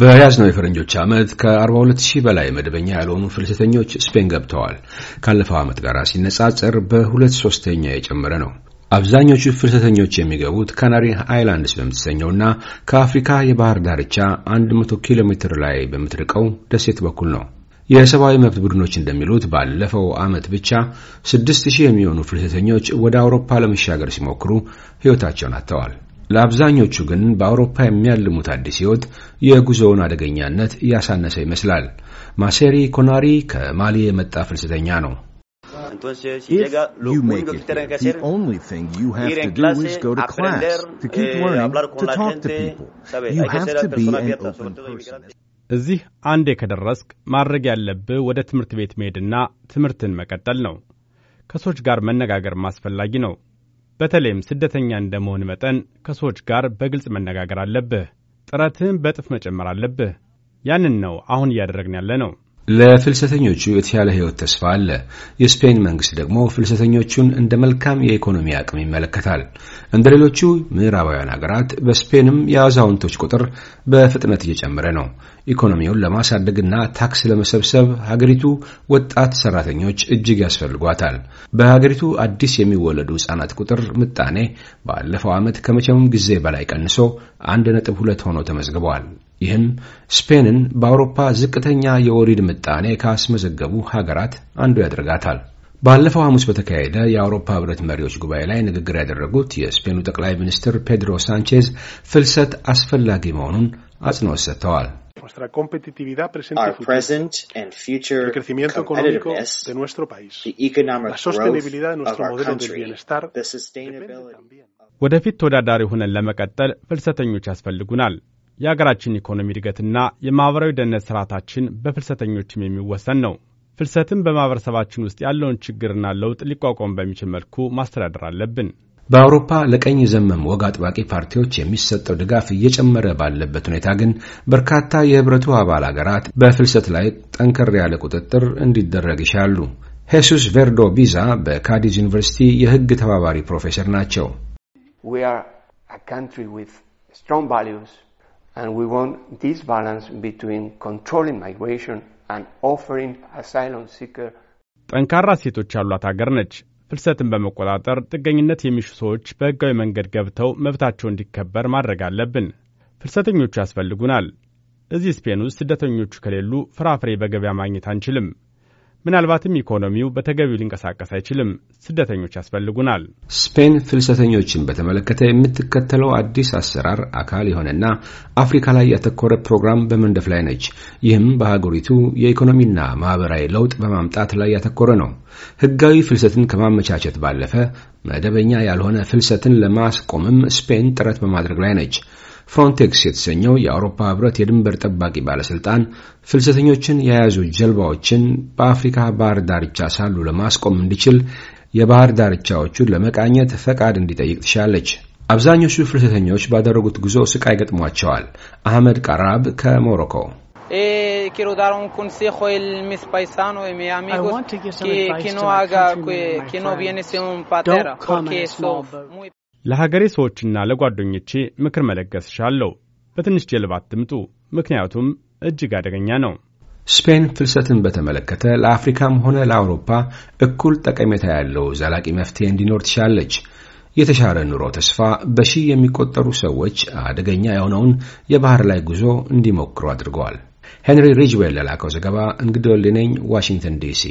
በያዝነው የፈረንጆች ዓመት ከ42 ሺህ በላይ መደበኛ ያልሆኑ ፍልሰተኞች ስፔን ገብተዋል። ካለፈው ዓመት ጋር ሲነጻጸር በሁለት ሶስተኛ የጨመረ ነው። አብዛኞቹ ፍልሰተኞች የሚገቡት ካናሪ አይላንድስ በምትሰኘውና ከአፍሪካ የባህር ዳርቻ 100 ኪሎ ሜትር ላይ በምትርቀው ደሴት በኩል ነው። የሰብአዊ መብት ቡድኖች እንደሚሉት ባለፈው ዓመት ብቻ 6000 የሚሆኑ ፍልሰተኞች ወደ አውሮፓ ለመሻገር ሲሞክሩ ሕይወታቸውን አጥተዋል። ለአብዛኞቹ ግን በአውሮፓ የሚያልሙት አዲስ ሕይወት የጉዞውን አደገኛነት እያሳነሰ ይመስላል። ማሴሪ ኮናሪ ከማሊ የመጣ ፍልሰተኛ ነው። እዚህ አንዴ ከደረስክ ማድረግ ያለብህ ወደ ትምህርት ቤት መሄድና ትምህርትን መቀጠል ነው። ከሰዎች ጋር መነጋገር ማስፈላጊ ነው። በተለይም ስደተኛ እንደመሆን መጠን ከሰዎች ጋር በግልጽ መነጋገር አለብህ። ጥረትህን በጥፍ መጨመር አለብህ። ያንን ነው አሁን እያደረግን ያለ ነው። ለፍልሰተኞቹ የተሻለ ህይወት ተስፋ አለ። የስፔን መንግስት ደግሞ ፍልሰተኞቹን እንደ መልካም የኢኮኖሚ አቅም ይመለከታል። እንደ ሌሎቹ ምዕራባውያን ሀገራት በስፔንም የአዛውንቶች ቁጥር በፍጥነት እየጨመረ ነው። ኢኮኖሚውን ለማሳደግና ታክስ ለመሰብሰብ ሀገሪቱ ወጣት ሰራተኞች እጅግ ያስፈልጓታል። በሀገሪቱ አዲስ የሚወለዱ ህጻናት ቁጥር ምጣኔ ባለፈው ዓመት ከመቼውም ጊዜ በላይ ቀንሶ ነጥብ ሁለት ሆኖ ተመዝግበዋል። ይህም ስፔንን በአውሮፓ ዝቅተኛ የወሪድ ምጣኔ ካስመዘገቡ ሀገራት አንዱ ያደርጋታል። ባለፈው ሐሙስ በተካሄደ የአውሮፓ ህብረት መሪዎች ጉባኤ ላይ ንግግር ያደረጉት የስፔኑ ጠቅላይ ሚኒስትር ፔድሮ ሳንቼዝ ፍልሰት አስፈላጊ መሆኑን አጽንኦት ሰጥተዋል። ወደፊት ተወዳዳሪ ሆነን ለመቀጠል ፍልሰተኞች ያስፈልጉናል። የአገራችን ኢኮኖሚ እድገትና የማኅበራዊ ደህንነት ስርዓታችን በፍልሰተኞችም የሚወሰን ነው። ፍልሰትም በማኅበረሰባችን ውስጥ ያለውን ችግርና ለውጥ ሊቋቋም በሚችል መልኩ ማስተዳደር አለብን። በአውሮፓ ለቀኝ ዘመም ወግ አጥባቂ ፓርቲዎች የሚሰጠው ድጋፍ እየጨመረ ባለበት ሁኔታ ግን በርካታ የህብረቱ አባል አገራት በፍልሰት ላይ ጠንከር ያለ ቁጥጥር እንዲደረግ ይሻሉ። ሄሱስ ቬርዶ ቢዛ በካዲዝ ዩኒቨርሲቲ የህግ ተባባሪ ፕሮፌሰር ናቸው። And we want this balance between controlling migration and offering asylum seeker ጠንካራ ሴቶች ያሏት አገር ነች። ፍልሰትን በመቆጣጠር ጥገኝነት የሚሹ ሰዎች በሕጋዊ መንገድ ገብተው መብታቸው እንዲከበር ማድረግ አለብን። ፍልሰተኞቹ ያስፈልጉናል። እዚህ ስፔን ውስጥ ስደተኞቹ ከሌሉ ፍራፍሬ በገበያ ማግኘት አንችልም። ምናልባትም ኢኮኖሚው በተገቢው ሊንቀሳቀስ አይችልም። ስደተኞች ያስፈልጉናል። ስፔን ፍልሰተኞችን በተመለከተ የምትከተለው አዲስ አሰራር አካል የሆነና አፍሪካ ላይ ያተኮረ ፕሮግራም በመንደፍ ላይ ነች። ይህም በሀገሪቱ የኢኮኖሚና ማህበራዊ ለውጥ በማምጣት ላይ ያተኮረ ነው። ህጋዊ ፍልሰትን ከማመቻቸት ባለፈ መደበኛ ያልሆነ ፍልሰትን ለማስቆምም ስፔን ጥረት በማድረግ ላይ ነች። ፍሮንቴክስ የተሰኘው የአውሮፓ ህብረት የድንበር ጠባቂ ባለስልጣን ፍልሰተኞችን የያዙ ጀልባዎችን በአፍሪካ ባህር ዳርቻ ሳሉ ለማስቆም እንዲችል የባህር ዳርቻዎቹን ለመቃኘት ፈቃድ እንዲጠይቅ ትሻለች። አብዛኞቹ ፍልሰተኞች ባደረጉት ጉዞ ስቃይ ገጥሟቸዋል። አህመድ ቀራብ ከሞሮኮ eh, ለሀገሬ ሰዎችና ለጓደኞቼ ምክር መለገስ ሻለሁ። በትንሽ ጀልባ አትምጡ፣ ምክንያቱም እጅግ አደገኛ ነው። ስፔን ፍልሰትን በተመለከተ ለአፍሪካም ሆነ ለአውሮፓ እኩል ጠቀሜታ ያለው ዘላቂ መፍትሄ እንዲኖር ትሻለች። የተሻለ ኑሮ ተስፋ በሺህ የሚቆጠሩ ሰዎች አደገኛ የሆነውን የባህር ላይ ጉዞ እንዲሞክሩ አድርገዋል። ሄንሪ ሪጅዌል ለላከው ዘገባ እንግዶልነኝ ዋሽንግተን ዲሲ